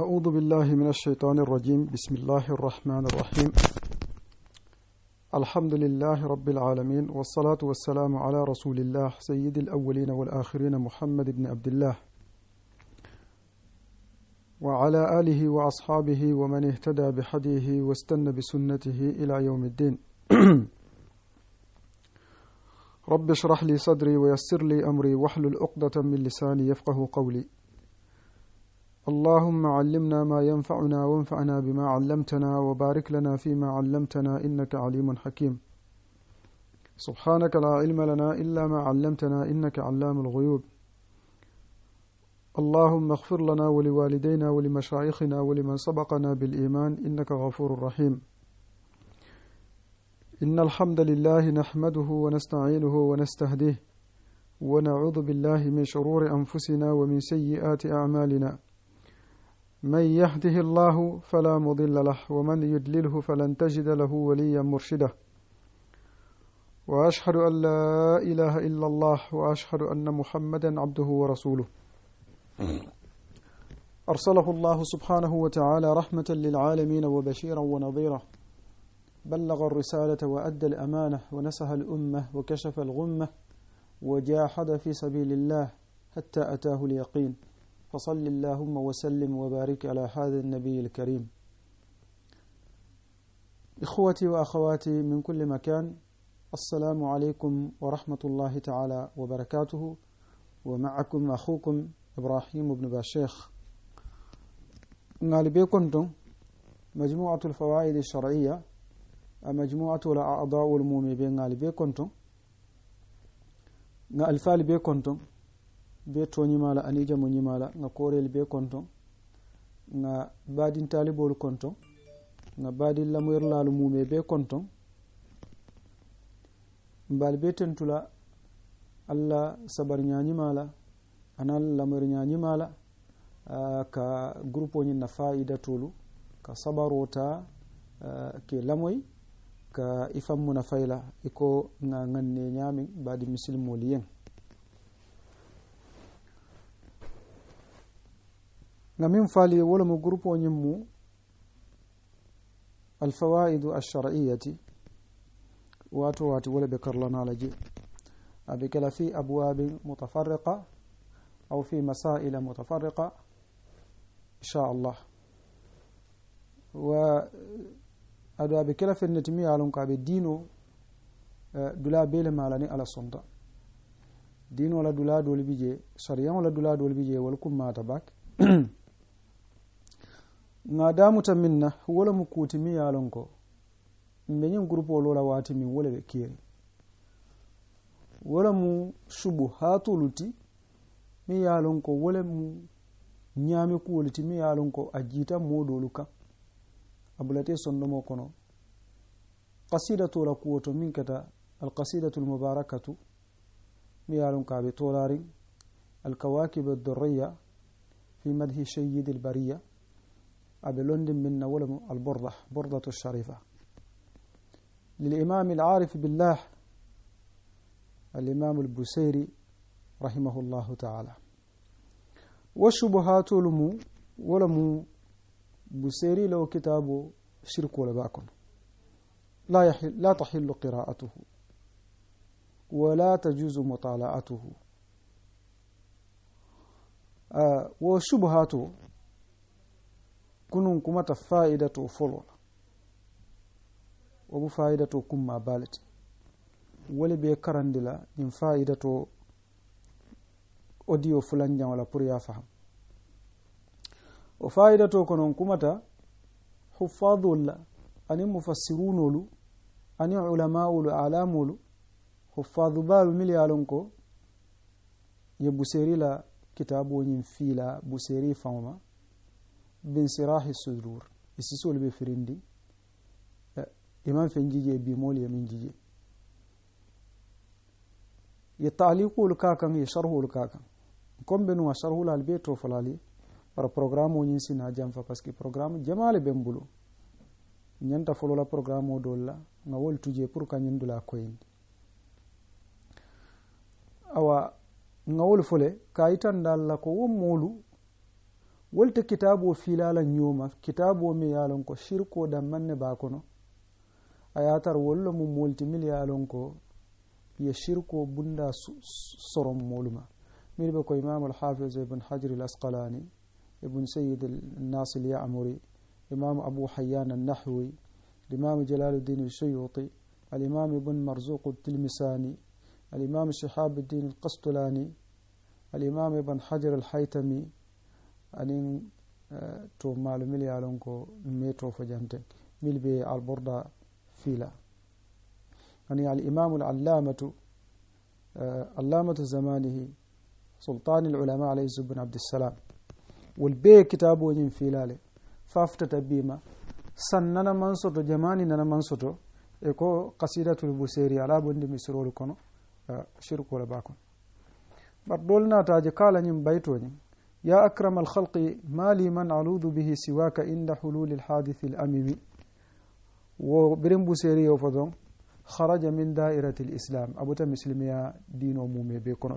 أعوذ بالله من الشيطان الرجيم بسم الله الرحمن الرحيم الحمد لله رب العالمين والصلاة والسلام على رسول الله سيد الأولين والآخرين محمد بن عبد الله وعلى آله وأصحابه ومن اهتدى بحديه واستنى بسنته إلى يوم الدين رب اشرح لي صدري ويسر لي أمري واحلل عقدة من لساني يفقه قولي اللهم علمنا ما ينفعنا وانفعنا بما علمتنا وبارك لنا فيما علمتنا إنك عليم حكيم سبحانك لا علم لنا إلا ما علمتنا إنك علام الغيوب اللهم اغفر لنا ولوالدينا ولمشايخنا ولمن سبقنا بالإيمان إنك غفور رحيم إن الحمد لله نحمده ونستعينه ونستهديه ونعوذ بالله من شرور أنفسنا ومن سيئات أعمالنا من يهده الله فلا مضل له ومن يدلله فلن تجد له وليا مرشدا وأشهد أن لا إله إلا الله وأشهد أن محمدا عبده ورسوله أرسله الله سبحانه وتعالى رحمة للعالمين وبشيرا ونظيرا بلغ الرسالة وأدى الأمانة ونسح الأمة وكشف الغمة وجاحد في سبيل الله حتى أتاه اليقين فصل اللهم وسلم وبارك على هذا النبي الكريم إخوتي وأخواتي من كل مكان السلام عليكم ورحمة الله تعالى وبركاته ومعكم أخوكم إبراهيم بن باشيخ نالبي كنتم مجموعة الفوائد الشرعية مجموعة الأعضاء المومي بين نالبي كنتم الفال بي كنتم be toñimala anija moñimala ga korel be konton ga badin talibol konton ga badin lamuyerlalu mume be konton bal be tentula allah sabar ñañimala ana lamuyer ñañimala uh, ka groupe oñin na faidatolu ka sabarota uh, ke lamoy ka ifammuna fayla iko ga ganne ñamin badi misilmolyeng نمين فالي ولم جروب ونمو الفوائد الشرعية واتواتي ولا بكر لنا لجي بكلا في أبواب متفرقة أو في مسائل متفرقة إن شاء الله و أدو بكلا في النتمية على بالدين دولا بيل مالاني على صندا دين ولا دولا دول بيجي شريان ولا دولا دول بيجي ولكم ما تباك ŋa damuta min na wole mu kuti mi ye lonko mbe ñiŋ gurupoolu la waati miŋ wo le be kiiri wo le mu subu haatulu ti miŋ ye lonko wo le mu ñaami kuolu ti miŋ ye lonko a jiita moo doolu kaŋ a bulatee sondomo kono kasidato la kuwo to miŋ keta alkasidatu lmubarakatu miŋ ye lonko a be toolaariŋ alkawakibu addorriya fi madhi sayidi lbariya al أبي لندن من نول البردة بردة الشريفة للإمام العارف بالله الإمام البسيري رحمه الله تعالى والشبهات لمو ولمو بسيري لو كتاب شرك ولباكن لا, يحل لا تحل قراءته ولا تجوز مطالعته آه وشبهاته kunun kumata fa'idatu folona wo bu fa'idatu kumma balati wole be karandila ñin fa'idatu audio fulan wala pour ya faham wo fa'idatu konon kumata hufadul ani mufassirunulu ani ulamaulu alamolu huffadu balu mili ko ye buseri la kitaboñin fiila buseri fawma binsirahi sudur isisol e be firindi iman e, e fenjije bimol yamin jije ye taalikuol ka kan ye sharhuol ka kan comme benuwa sharhulal be tofolali bara programme o ñinsina janfa parce que programme jamale ben bulo ñanta folola programme o dolla ga wol tuje pour ka ñindula koyindi awa ga wol fole kayitandalla ko wo molu wolte kitabu filala ñoma kitabu mi yalon ko shirko dan manne ba kono ayatar wollo mum molti mil yalon ko ye shirko bunda sorom moluma min be ko imam al-hafiz ibn hajar al-asqalani ibn sayyid al-nas al-ya'muri imam abu hayyan an-nahwi الإمام جلال الدين الشيوطي الإمام ابن مرزوق التلمساني الإمام شهاب الدين القسطلاني الإمام ابن حجر الحيتمي aniŋ to maalu milu ye a loŋ ko meetoo fo janteŋ milu be alborda fiila aniŋ alimamu alallamatu allamatu zamanihi sultani alulama alayhi subin abdissalam wol bee kitaaboñiŋ fiila le faafutata biima san nana maŋ soto jamani nana maŋ soto e ko kasidatul buseri ala bondi misirolu kono shirkuwo le baa kono bari doolu naataaje kaa la ñiŋ baytoo ñiŋ يا أكرم الخلق ما لي من علوذ به سواك عند حلول الحادث الأمم وبرمبو سيري وفضون خرج من دائرة الإسلام أبو تمسلمية دين ومومي بيكون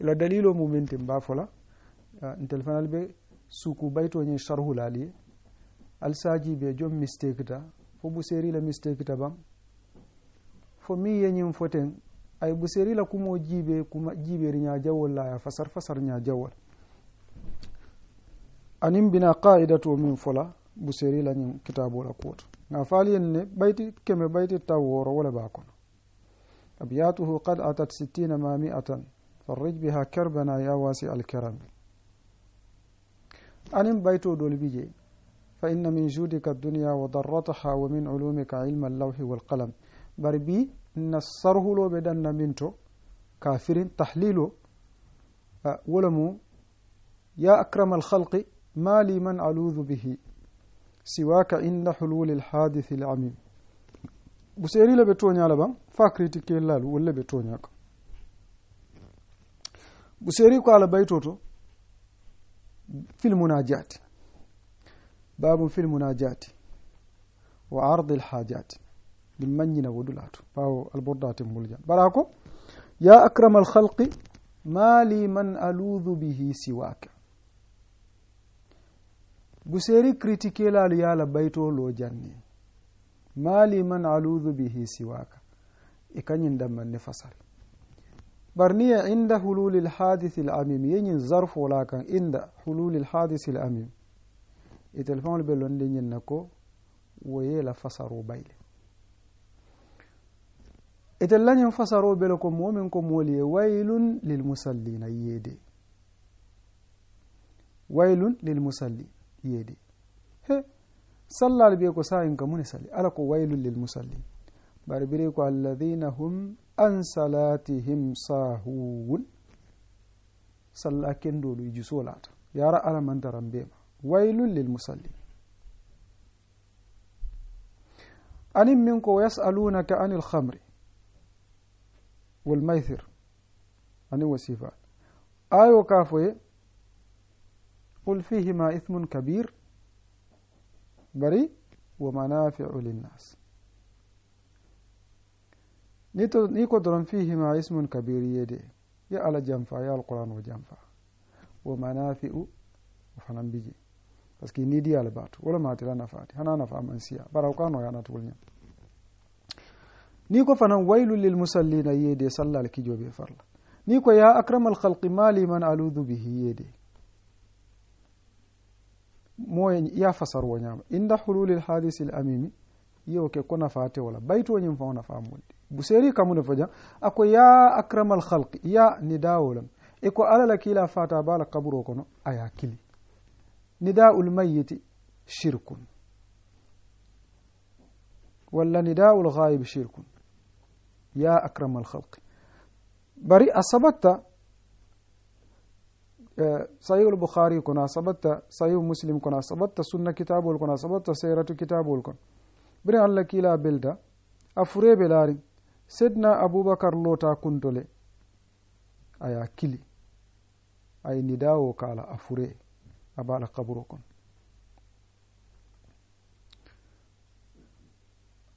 إلا دليل ومومين تنبافولا نتلفنا البي سوكو بيتو ني شرح لالي الساجي بي جوم مستيكتا فبو سيري لمستيكتا بام بان فمي ينين فوتين أي بو سيري لا كومو جيبي كوما جيبي رنيا جوال لا يفسر فسر نيا جوال anin bina qa'idatu min fula buseri la kitabu la kut na fali ne baiti keme baiti taw wala ba kono abiyatuhu qad atat sittina ma mi'atan farrij biha karbana ya wasi al-karam anin ɓayto dolbi je fa inna min judika ad-dunya wa darrataha wa min ulumika ilma allawhi walqalam bari bi na sarhuloɓe ɗanna min minto kafirin tahlilu wolamu ya akrama alhalqi ما لي من ألوذ به سواك عند حلول الحادث العميم بسيري لبتوني على بان فاكريتي كي ولا بتوني اكو بسيري قال بيتوتو في المناجات باب في المناجات وعرض الحاجات لمن ينودلاتو باو البردات مولجا براكو يا اكرم الخلق ما لي من ألوذ به سواك buseeri critiquelaalu ye a la bayitoo loo janni maali man aluudu bihi siwaaka i ka ñin dammanni fasal bar ni ye inda hululi lhadisi lamim amim ye ñin zarfoo laa kan inda hululi lhadisi l amim i téléphone be londi ñin na ko wo ye la fasaroo bayle ite lañin fasaroo be le ko moo min ko moolu ye waylun lilmusallina yeede waylun lilmusallin يدي he صلى كو ساين كمون يصلي كو ويل للمصلين باربريكو الذين هم عن صلاتهم ساهون صلى دول يجي صلاة يا را على من ترم بيما ويل للمصلين أن منكم يسألونك عن الخمر والميثر أن وصفات آيو كافوي قل فيهما إثم كبير بري ومنافع للناس نيكو درن فيهما اسم كبير يدي يا على جنفا يا القران وجنفا ومنافع وفنان بيجي بس كي نيدي على بات ولا ما تلا نفاتي انا نفع من سيا براو كانوا يانا تولني نيكو فنان ويل للمصلين يدي صلى لكي جوبي فرلا نيكو يا اكرم الخلق مالي من الوذ به يدي moye ya fasaruwo ñama inda hululil hadis l amimi yewo ke ko nafate wala baytoñim fa o nafamude buseri kamune fo jam ako ya akramal halqi ya nidawolam e ala la kiila fata bala kaburo kono aya kili nidaul mayiti shirkun walla nidaul gayib shirkun ya akramal halqi bari a sabatta صحيح البخاري كنا سبت صحيح مسلم كنا سبت سنة كتاب كنا سبت سيرة كتاب كنا بري الله كيلا بلدا أفري بلاري سيدنا أبو بكر لوتا كنتولي أيا كيلي أي نداو كالا أفري أبالا قبركم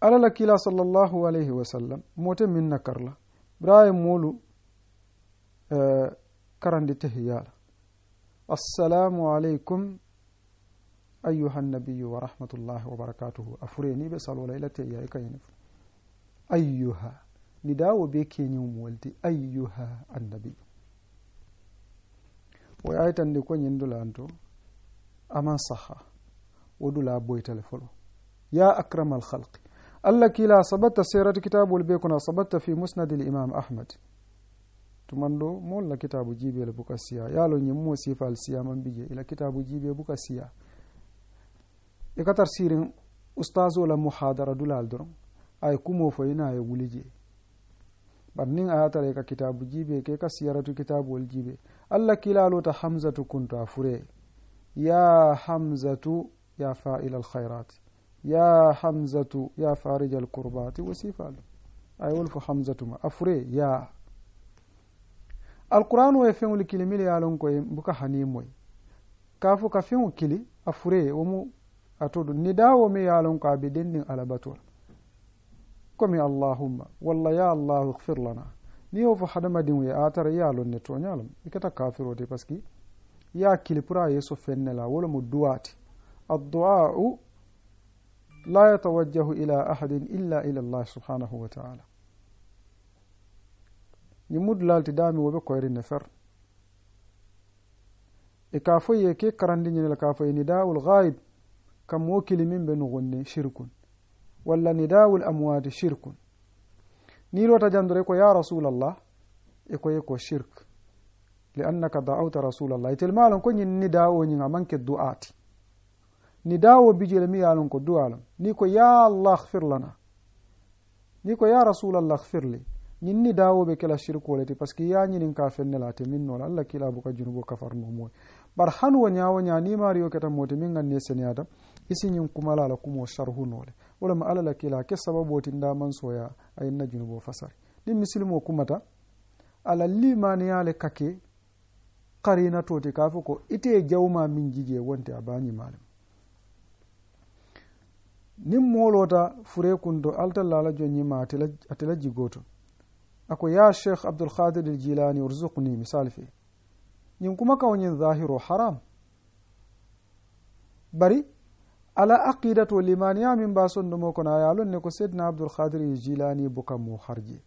ala la kila sallallahu alayhi wa sallam mote min na karla biraye كرندي تهيالا السلام عليكم أيها النبي ورحمة الله وبركاته أفريني بسالو ليلة إياك ينف أيها نداو بك يوم ولدي أيها النبي وآية نكون يندل أنتو أما صحة ودلا بوي تلفلو يا أكرم الخلق ألا كلا صبت سيرة كتاب والبيكنا صبت في مسند الإمام أحمد tumando mo la kitabu jiibel buka siya mo si sifal siyaman bije ila kitabu jibe buka siya e katar sirin ustage ola muhadara dulal doron ay kumo ina ay wulije bar nin a yatara ka kitabu jibe ke ka siyaratu kitabuwol jibe alla kilalo ta hamzatu kunta fure ya hamzatu ya faila khairat ya hamzatu ya farija alkurbati wa sifalu ay wulfu hamzatu ma a ya wo ye feŋolu kili mili ye a loŋ ko ye buka hani moyi ka fo ka feŋo kili a fure wo mu a to du ni wo mi ye a loŋ ko a be dendiŋ alabato la komi allahumma walla ya allahu ihfir lana ni wo fo hadamadiŋo ye a tara ye a loŋ ne tooña ikata i keta kafiro te parce que ye a kili pour a ye so feŋ ne la wo mu duwa ti addu'au la yatawajjahu ila ahadin illa ila allah subhanahu wa taala yimud lalti dami wobe koyri nefer e ka foye ke karandi ñinel ka foye nidaul ghaib kam wo kilimin be nugunni shirkun walla nidaul amwati shirkun ni lota jandore ko ya rasulallah e koye ko shirk liannaka da'awta rasulallah itel malon ko ñin nidawo ñinga manke du'ati nidawo bijele mi yalon ko du'alon ni ko ya allah gfir lana ni ko ya rasulallah gfir li ñinni dawoɓe kela sirkuwolete par ce que ya ñinin ka fenne late min noon allah kila bo ka junubo kafarnomoy bar hanwo ñawo ñanimario ketanmote min ganni sene ada isiñin kumalala kumo sarhunole wolama alalah kila ke sababu oti daman soya a yinna junubo fasari ɗin misilimo kumata ala limaniyale kake qarinatoti ka fo ko ite jawma min jiji wonte a bañimalem nin molota fure kunto altallah ala joñima atela jigoto ako ya sheikh abdul al-jilani urzuqni misal fi yin kuma kawnin zahiru haram bari ala liman ya min mba sondomo na yalon ne ko seydna al-jilani buka mo harji.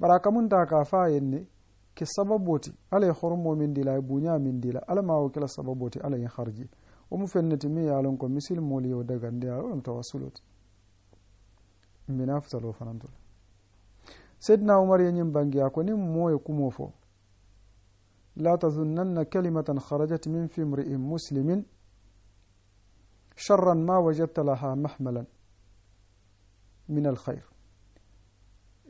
bara ta ka fa yenne ke sababoti ala khurum e mu'min min dila e min dila ala ma kela sababoti ala e harji o mu fenneti min yalon ko misilmol yo dagande a on tawa suloti mbina futalo sayyidina umar yenye ko kwenye moyo kumofo la tazunnanna kalimatan kharajat min fi mriin muslimin sharran ma wajadta laha mahmalan min alkhair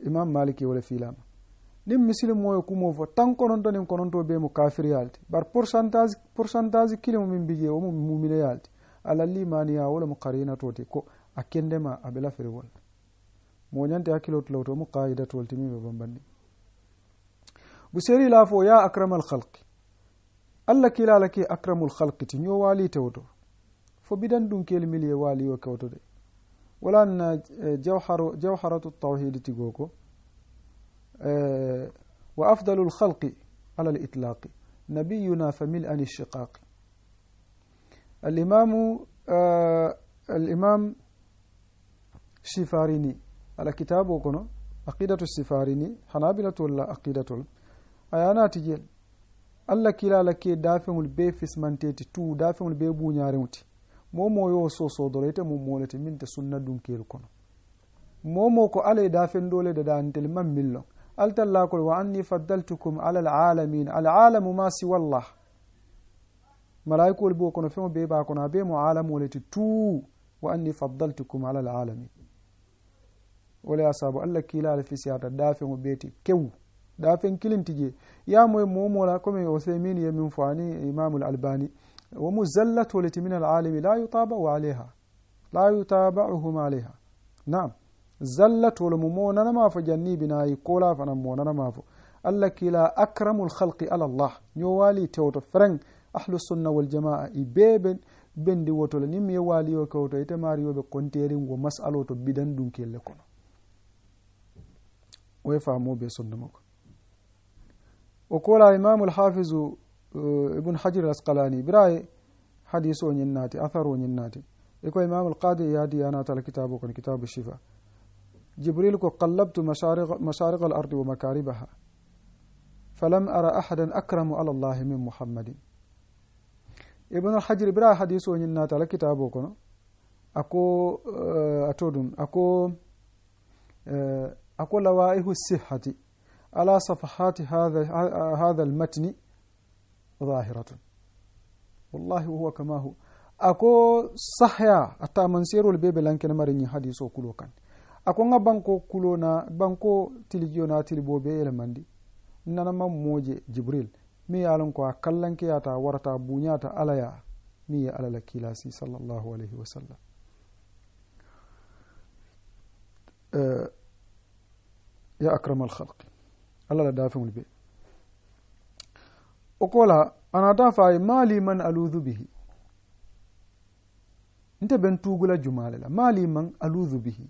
imam maliki wala filama nin misilim moyo kumofo tan kononto nin kononto be mo kafir yalti bar pourcentage pourcentage kilimo min bije womo mumine yalti alalli maniya wala mo qarinatoti toti ko a kendema aɓe wonta mo ñanti hakkilo tulow mo qaida tol timi ɓe bambanɗi buseri la fo ya akrama alhalqi allah kilalake akramul halqi ti ño waali tewto fo biɗan ɗum kel milie waali yo kewtode walan jawharu jawharatu tawhidi tigo ko wa afdalu lhalqi ala litlaqi nabiyuna fa mil ani shiqaqi alimamu الإمام شفاريني ala kitabu kono aqidatu sifarini hanabilatu walla aqidatul ayanati jeel allah kilala ke dafeŋol be fismanteti tu dafeŋol be buñareŋo ti momo yo sosodoro ite mo molete min te sunna dunkelu kono momo ko ala e dafen dole dadantel man millon altallakol wa anni faddaltukum ala alalamin alalamu ma siwallah malaikol bo kono feŋo be ba kono abe mo alamolete tu wa anni faddaltukum ala alalamin wala ya sabu allah kilala fi siyata dafeŋo beeti kew dafeŋ kilinti je yamoye momola comme othaymin ye min fo ani imamu l albani wo muzallat woleti min alalimi la yutabau alayha la yutabauhum alayha naam zallat wolo mo monanama fo janni binayi kola fanan monanama fo allah kila akramu lhalqi ala llah ño waali tewto freŋ ahlusunna waljamaa i bee ɓen ɓendi wotole nin mi ye waaliyo kewto ite maariyoɓe konterin wo masalo to bidan ɗum kelle kono ويفهموا بيصنمك وقول إمام الحافظ آه، ابن حجر الأسقلاني براي حديث ونناتي أثر ونناتي يكو إمام القاضي يادي أنا تل كتابه كن كتاب الشفاء جبريل كو قلبت مشارق, مشارق الأرض ومكاربها فلم أرى أحدا أكرم على الله من محمد ابن الحجر برا حديث ونيناتي تل كتابه كن أكو آه، أتودم أكو آه، أقول لوائح الصحة على صفحات هذا هذا المتن ظاهرة والله هو كما هو أكو صحيا التمنسير البيبي لانكن مرني حديثو كلو كان أكو nga banko kulona banko tilijona tilibobe elemandi nana jibril mi ye yalon a kallankeyata warata buñata alaya mi ya alala kilasi sallallahu alaihi wasallam uh, ya akramal khalqi allah la dafa mulbe okola anatafa mali man aludhu bihi nte ben tugula jumale la mali man aludhu bihi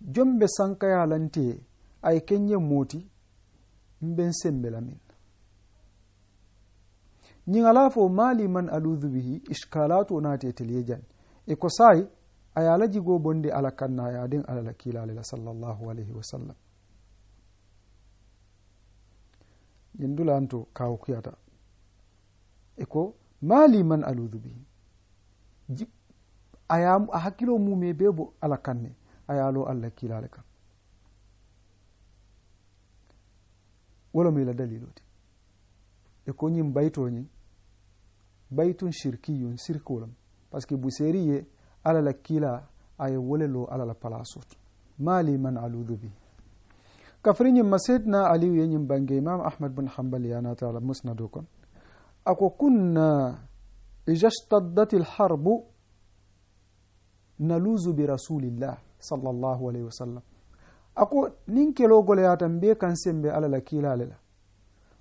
jombe sankaya lante ay kenye moti mben sembe la min ñiŋ a la fo maali man aludu bihi iskalato naate teliye jan e ko sayi a ye a la jigoo bondi ala kanna a ye a ala la kiilaale la salallahu alayhi wa yen kawo kuyata e ko mali man aludu bi aya a mu me be bo alakanne kanne a yaalo allah kan wala la ila daliloti e ko bayto ni baytun shirkiyun sirkolam par ce que bu seriye ala la kiila aye wolelo ala la palasoto mali man aludu bi kafriñim masidna aliyu yeñim bange imam ahmad bin hanbal yanata ala musnadu kon ako kunna ija shtaddat lharbu naluzu bi rasulillah sallllahu alayhi wa sallam ako nin kelogole yatan be kan sembe ala la kilale la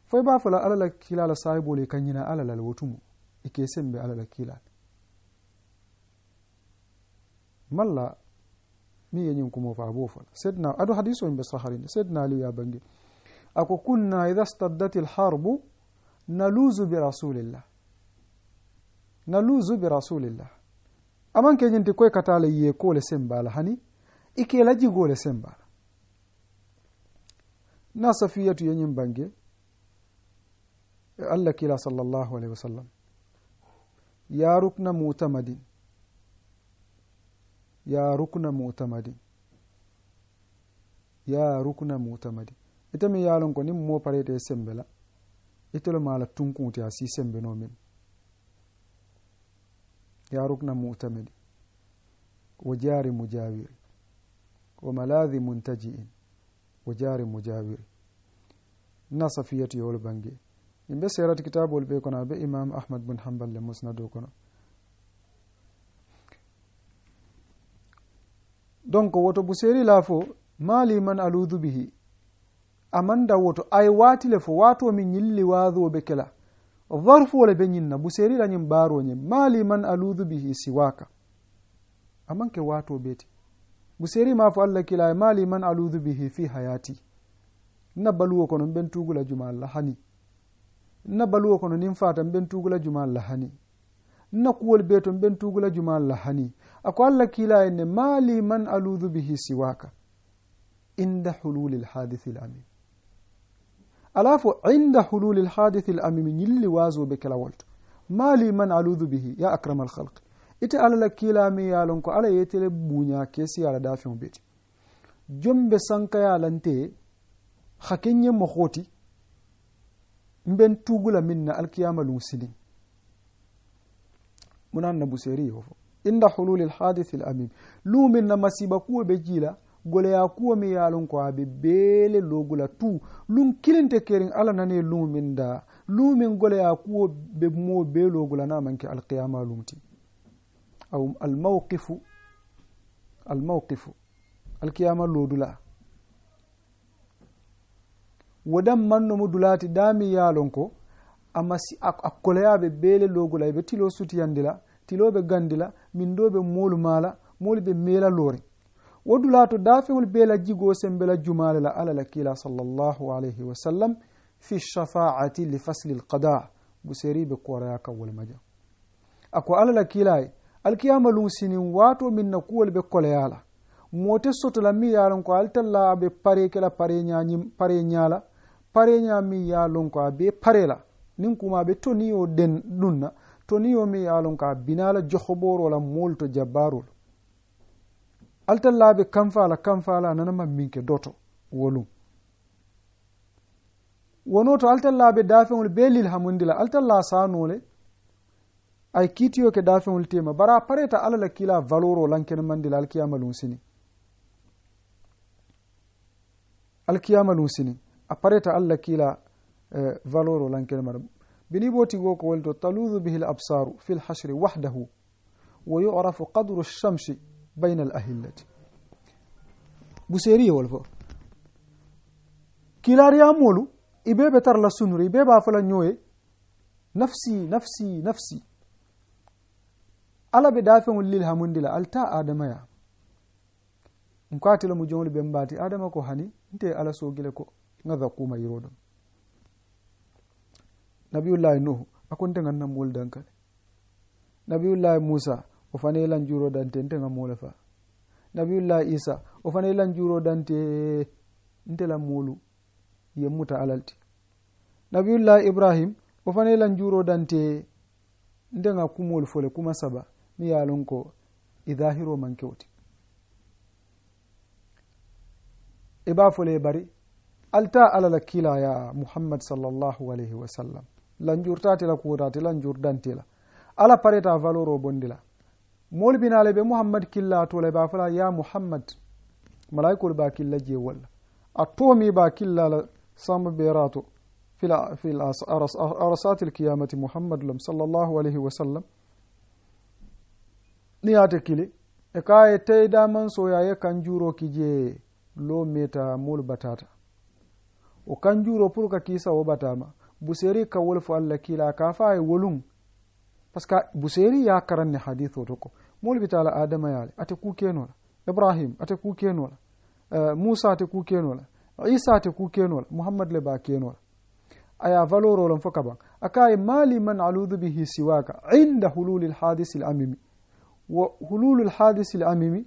foy ba fola ala la kilala sahibole kañina ala lal wotumo ike sembe ala la kilale malla mi yeñin kumo fa bo fon sedna adu hadiso imbe saharin sedna ali ya bangi ako kunna idha staddat al naluzu bi rasulillah naluzu bi rasulillah aman ke ñinti koy katala ye kole sembala hani ikela jigole sembala na safiyatu yeñin bange allah kila sallallahu alaihi wasallam ya rukna mutamadin ya rukna mutamadi ya rukna mutamadi itamin yalon ko nin mo parete sembe la itolo mala tunkuti a si sembe no min ya rukna mutamadi wa jari mujawiri wa malahi muntajiin wa jari mujawiri nasafiyatu yowol bange yimɓe serati kitabol ɓe kono aɓe imam ahmad bun hambal le musnado kono donc woto buseri la fo mali man aludu bihi amanda woto ay watile fo wato mi yilli waadu be kela dharfu wala be nyinna buseri la nyim baro nyim mali man aludu bihi siwaka amanke wato beti buseri ma fo alla kila mali man aludu bihi fi hayati na baluwo kono ben tugula juma alla hani na baluwo kono nin fata ben tugula juma alla hani nakuwol be ton ɓen tugula jumalla hani ako allah kila enne maali man aludu bihi siwaka inda hululi lhadithi l amin alafu inda hululi lhadithi l ñilli wasoɓe kelawol to maali man aludu bihi ya akrama alhalqi ite alala kilami yalon ko ala yetele buña kesi ala dafeŋo beti jombe sankayalante hakenye mohoti mben tugula min na alkiyama luŋ silin munanna buseri hofo inda hululi alhadith alamim lumin na masiba kuwo kuwa bejila goleya kuwo mi yalon ko aɓe bele logula tu lum kilinte kerin ala nane lumin da lumin goleya kuwo ɓe mo be logula namanke alqiyama lumti aw almawqifu almawqifu alqiyama lodula wodan mannomo dulati dami yalon ko amma si akkoloyaɓe beele loogol ay ɓe tilo sutiyande la tiloɓe gandi la min ɗo ɓe moolu maala moolu ɓe mela loore wodu laato daafehol beela jigoo sembe la jumaale la ala la kiila sallllahu alayhi wa sallam fi shafaati li fasli lqada buseri ɓe koraya ako ala la kiilaye alkiyama lum sinin waato min na kuwol ɓe koleyala mote sotola mi yalon ko altalla aɓe pare kela pare ñala pare ña mi yalon ko aɓe parela ninkumaɓe toniyo den ɗumna toniyo mi yalon ka binala johoɓor wala molto jabbarol altallaɓe kamfala kamfala ananama minke doto wolum wono to altallaɓe dafeŋol be lil hamundila altalla sanole ay kiitiyo ke dafeŋol tema bara pareta alla kila valoro lankene mandila alkiyama lum sini alkiyama lum sini a pareta alla kila eh, valoro lankene mara بنيبوتيغوك ولدو تلوذ به الأبصار في الحشر وحده ويعرف قدر الشمس بين الأهلة بسيري ولفو كيلاري أمولو إبي بتر لسنوري إبي بافلا نيوي نفسي نفسي نفسي ala be dafeŋol lil hamundila alta adama ya nkatila mu joŋol be mbaati adama ko hani nte ala sogile ko ŋa zakuma yiro ɗum nabiyullahi nuhu akonte ganna moolu dankale nabiyullahi musa o fana dante nte ga fa nabiyullahi isa o fana ye lan juuro dante nte la moolu ye muta ibrahim o fana ye lan juuro dante nte ga kumoolu fo le kuma saba mi ye a lon ko bari alta ala la kiilaya muhammad sallallahu alayhi wa lanjurtatela kuutate lanjurdantela ala pareta valoro bondila moolu binale ɓe mouhammad killa tola ba fala ya muhammad malaikol ba killa je walla a tomi ba killala samba berato fi arasati lkiyamati mouhammadu lam sallllahu alayhi wa sallam niyate kili e kaye teydaman soyaye kan juroki je lo meta molu batata o kanjuro juro pour ka kisa wo batama buseri ka wol allah kila ka fa ay wolum buseri ya hadithu hadith o toko mol adama ya ate ku keno ibrahim ate ku keno uh, eh, musa ate ku keno isa ate ku keno muhammad le ba keno aya lon foka ba akai mali man aludu bihi siwaka inda al lhadisi al amimi hulul al lhadisi al amimi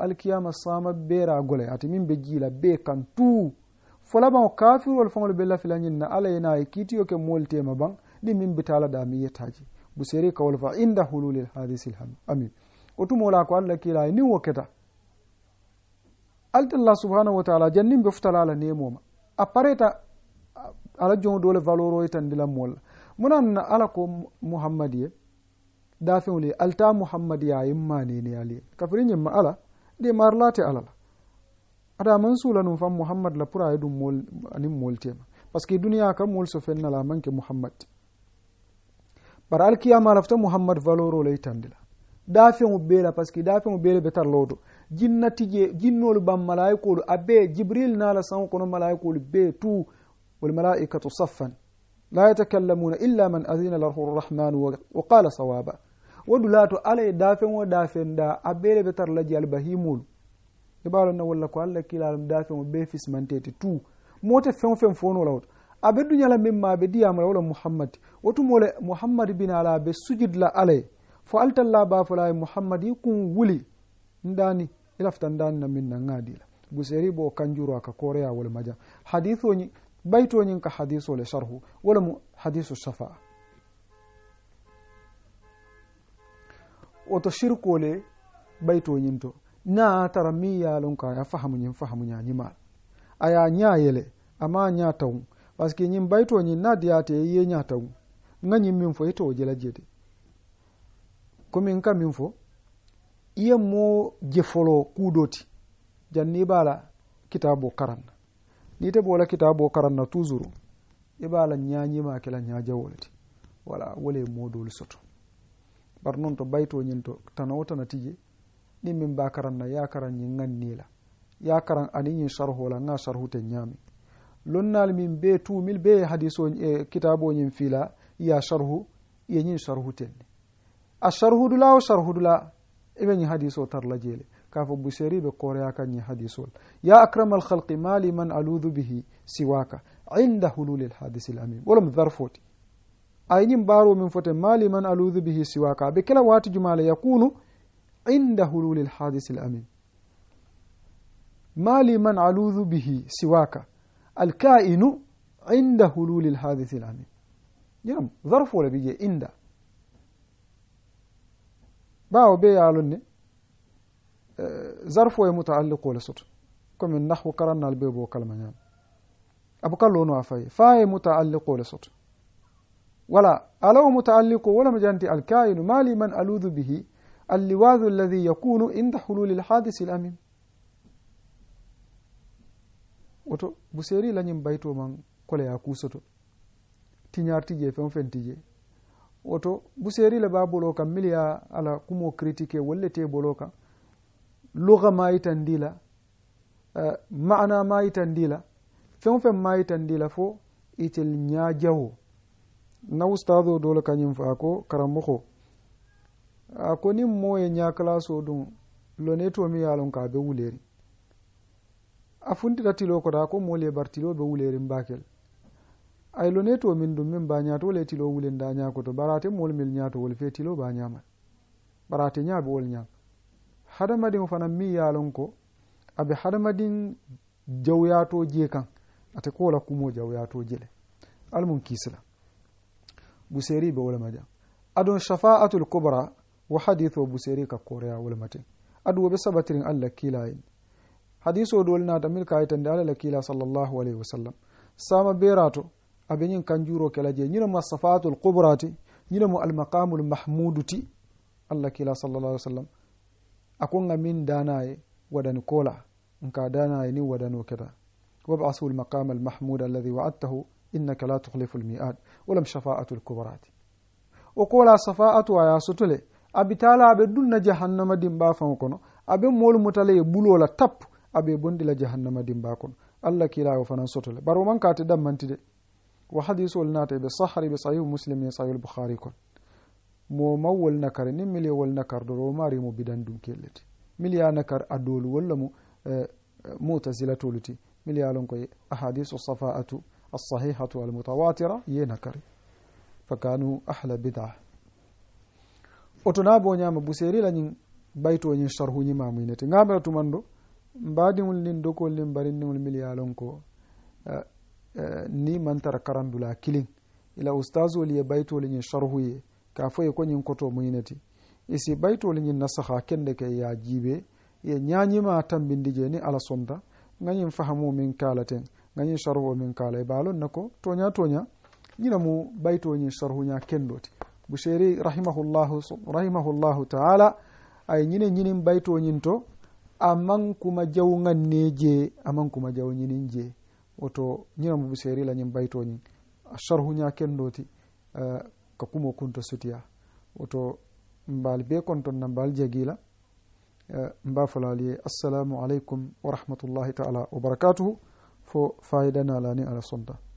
al qiyamah sama bera gole ate min be jila be kan tu folabao o kafiru wol faŋol be lafila ñiŋ na alla ye naa ye kiitiyo ke moolu tema baŋ ɗiŋ miŋ bita alla daami yetaaji buseri kawol fa inda hululil hadisil amin wo tumola ko alla kiila ye niŋ wo keta altalla subhanahu wa taala janniŋ be futala la neemoma a pareta ala joŋo doole valoro yitandila e moolu la munaŋ na ala ko muhammadi ye daafeŋolu ye alta muhammadiya a ye maaneneyaali ye kafiri ñiŋ ma ala ɗi maarilaate ala la ada man sula num fam muhammad la pura dum mol anim mol tema parce que duniya kam mol so fenna la manke muhammad bara al kiyama lafta muhammad valoro lay tandila dafeŋo bee la parce que dafeŋo bee le be tara looto jinnati je jinnoolu baŋ malayikoolu a bee jibril naa la saŋo kono malayikoolu bee tu walmalaikatu saffan la yatakallamuna illa man azina lahu rrahmanu wa qala sawaba wo dulaato alla ye daafeŋo daafeŋ daa a bee le be iɓaalo na walla ko allah kilalum dafemo be fismantete tout mote feŋ feŋ fonola woto aɓe duñala min ma ɓe diyamala wala mouhammad wotumole mouhammad bin ala ɓe sujudla alaye fo altalla ba e mouhammad i kun wuli ndani ilaftan ndani na min nangadila buseri bo kanjuro aka koreya wala maja hadithoñi ɓaytoñin ka hadisole sharhu wala mo hadisu shafa'a woto shirkole ɓaytoñin to ña tara mi yaalum ka ya fahamu ñin fahamu ñañimal aya ñayele ama ñatawu parceque ñin bayto ñin na diyate ye ñatawu ga ñin min fo yeto jela jede komin ka min fo iye mo jefolo kudoti janni bala kitabo karanna nite bola kitabo karanna toujour ibala ñañima kela ñajawoleti wala wole modol soto bar non to bayto ñin to tanawo tana tije ni min ba karan na ya karan yin ngan ne la ya karan anin yin sharhu la nga sharhu te nyami lonnal min be tu mil be hadiso e kitabo nyin fila ya sharhu ye nyin sharhu ten a sharhu dula o sharhu dula ibe nyin hadiso tar la jele ka fo buseri be koreya kan nyin hadiso ya akramal khalqi mali man aludhu bihi siwaka inda hulul al hadis al amin wala mdharfoti aynin baro min fote mali man aludhu bihi siwaka be kila wati jumala yakunu عند حلول الحادث الأمين ما لمن علوذ به سواك الكائن عند حلول الحادث الأمين ينم ظرف ولا بيجي عند باو بي يعلن أه، ظرف متعلق ولا صوت كم النحو قرنا البيب وكلمة يعني نعم. أبو قالوا افاي فاي متعلق ولا صوت ولا ألو متعلق ولا مجانتي الكائن ما لمن ألوذ به اللواذ الذي yakunu inda حلول الحادث الأمم woto buseri lañin bayto man ya kusoto tiñartije fen fentije woto buseri la ba bolo kam miliya ala kumo critiqué wolle te bolo kan luga ma yitandi la uh, eh, mana ma yitandi la fen fen ma yitandi la fo itel ñajawo na ustado dole kañum fa ko karamoko a koni moye ñakala soɗum lone mi yalon ka be wuleri a da tilo da ko mole bar tilo be wuleri mbakel ay lone tomin ɗum min ba le tilo wulen da to barate mol mil ñatowol fe tilo ba barate nya be wol ñam hadamadin fana mi yalon ko abe hadamadin to je kan ate kola kumo jawyato jele almum kisila buseri be wolema jam adon shafa'atul kubra وحديث أبو سيري كوريا ولمتي أدو بسبترين ألا كيلاين حديث لنا دميل كايتن دالا لكيلا صلى الله عليه وسلم سام بيراتو أبنين كنجورو كلاجي نينما الصفات القبرات نينما المقام المحمود تي ألا كيلا صلى الله عليه وسلم أكون من داناي ودن كولا انكا داناي ني ودن وكذا وابعثوا المقام المحمود الذي وعدته إنك لا تخلف الميعاد ولم شفاءة الكبرات وقولا صفاءة ويا ستلي aɓe tala aɓe ɗumna jahannama dimba fan kono aɓe molmutala e ɓulola tappu aɓe bonɗila jahannama dimba kono allah kilawo fanan sotole ɓaro man kate ɗammantide wo hadisowol naata ɓe sahari ɓe sahihu muslim e sahihul bouhari kon mo mawwol nakare ni miliyowol nakar ɗo romarimo bidan ɗum kelleti miliya nakar a dowlu walla mo mutasila toluti miliya lon koye ahadisu safa'atu alsahihatu almutawatira ye nakari fa kanu ahla bidaa otonaboñama buseerila ñin bayto ñin charhu ñima muynete gamera tumando mbaadiŋol nin dokol nin barindiŋol mil ye lon ko eh, eh, ni mantara karandula kiliŋ ila ustasol ye baytol ñin charhu ye ka fo ye ko ñin koto muyneti isi baytol ñin nasaha kende ke ya jiibe ye ñañima tambindi je ni ala sonta ŋañin fahamo min kala teŋ ŋañin charhu o min kala e baalon na ko toña toña ñina mu bayto ñin charhu ña kendoti busheri rahimahullahu rahimahullahu taala ay ñine ñinin bayto ñin to aman kuma je neje aman kuma jaw ñinin je woto ñinamo busheri lañin bayto ñin sharhu ña kendoti uh, eh, ka kumo kunto sutiya woto mbal be konton na mbal jegila eh, mba falali assalamu aleykum wa rahmatullahi taala wa barakatuhu fo lani ala sonta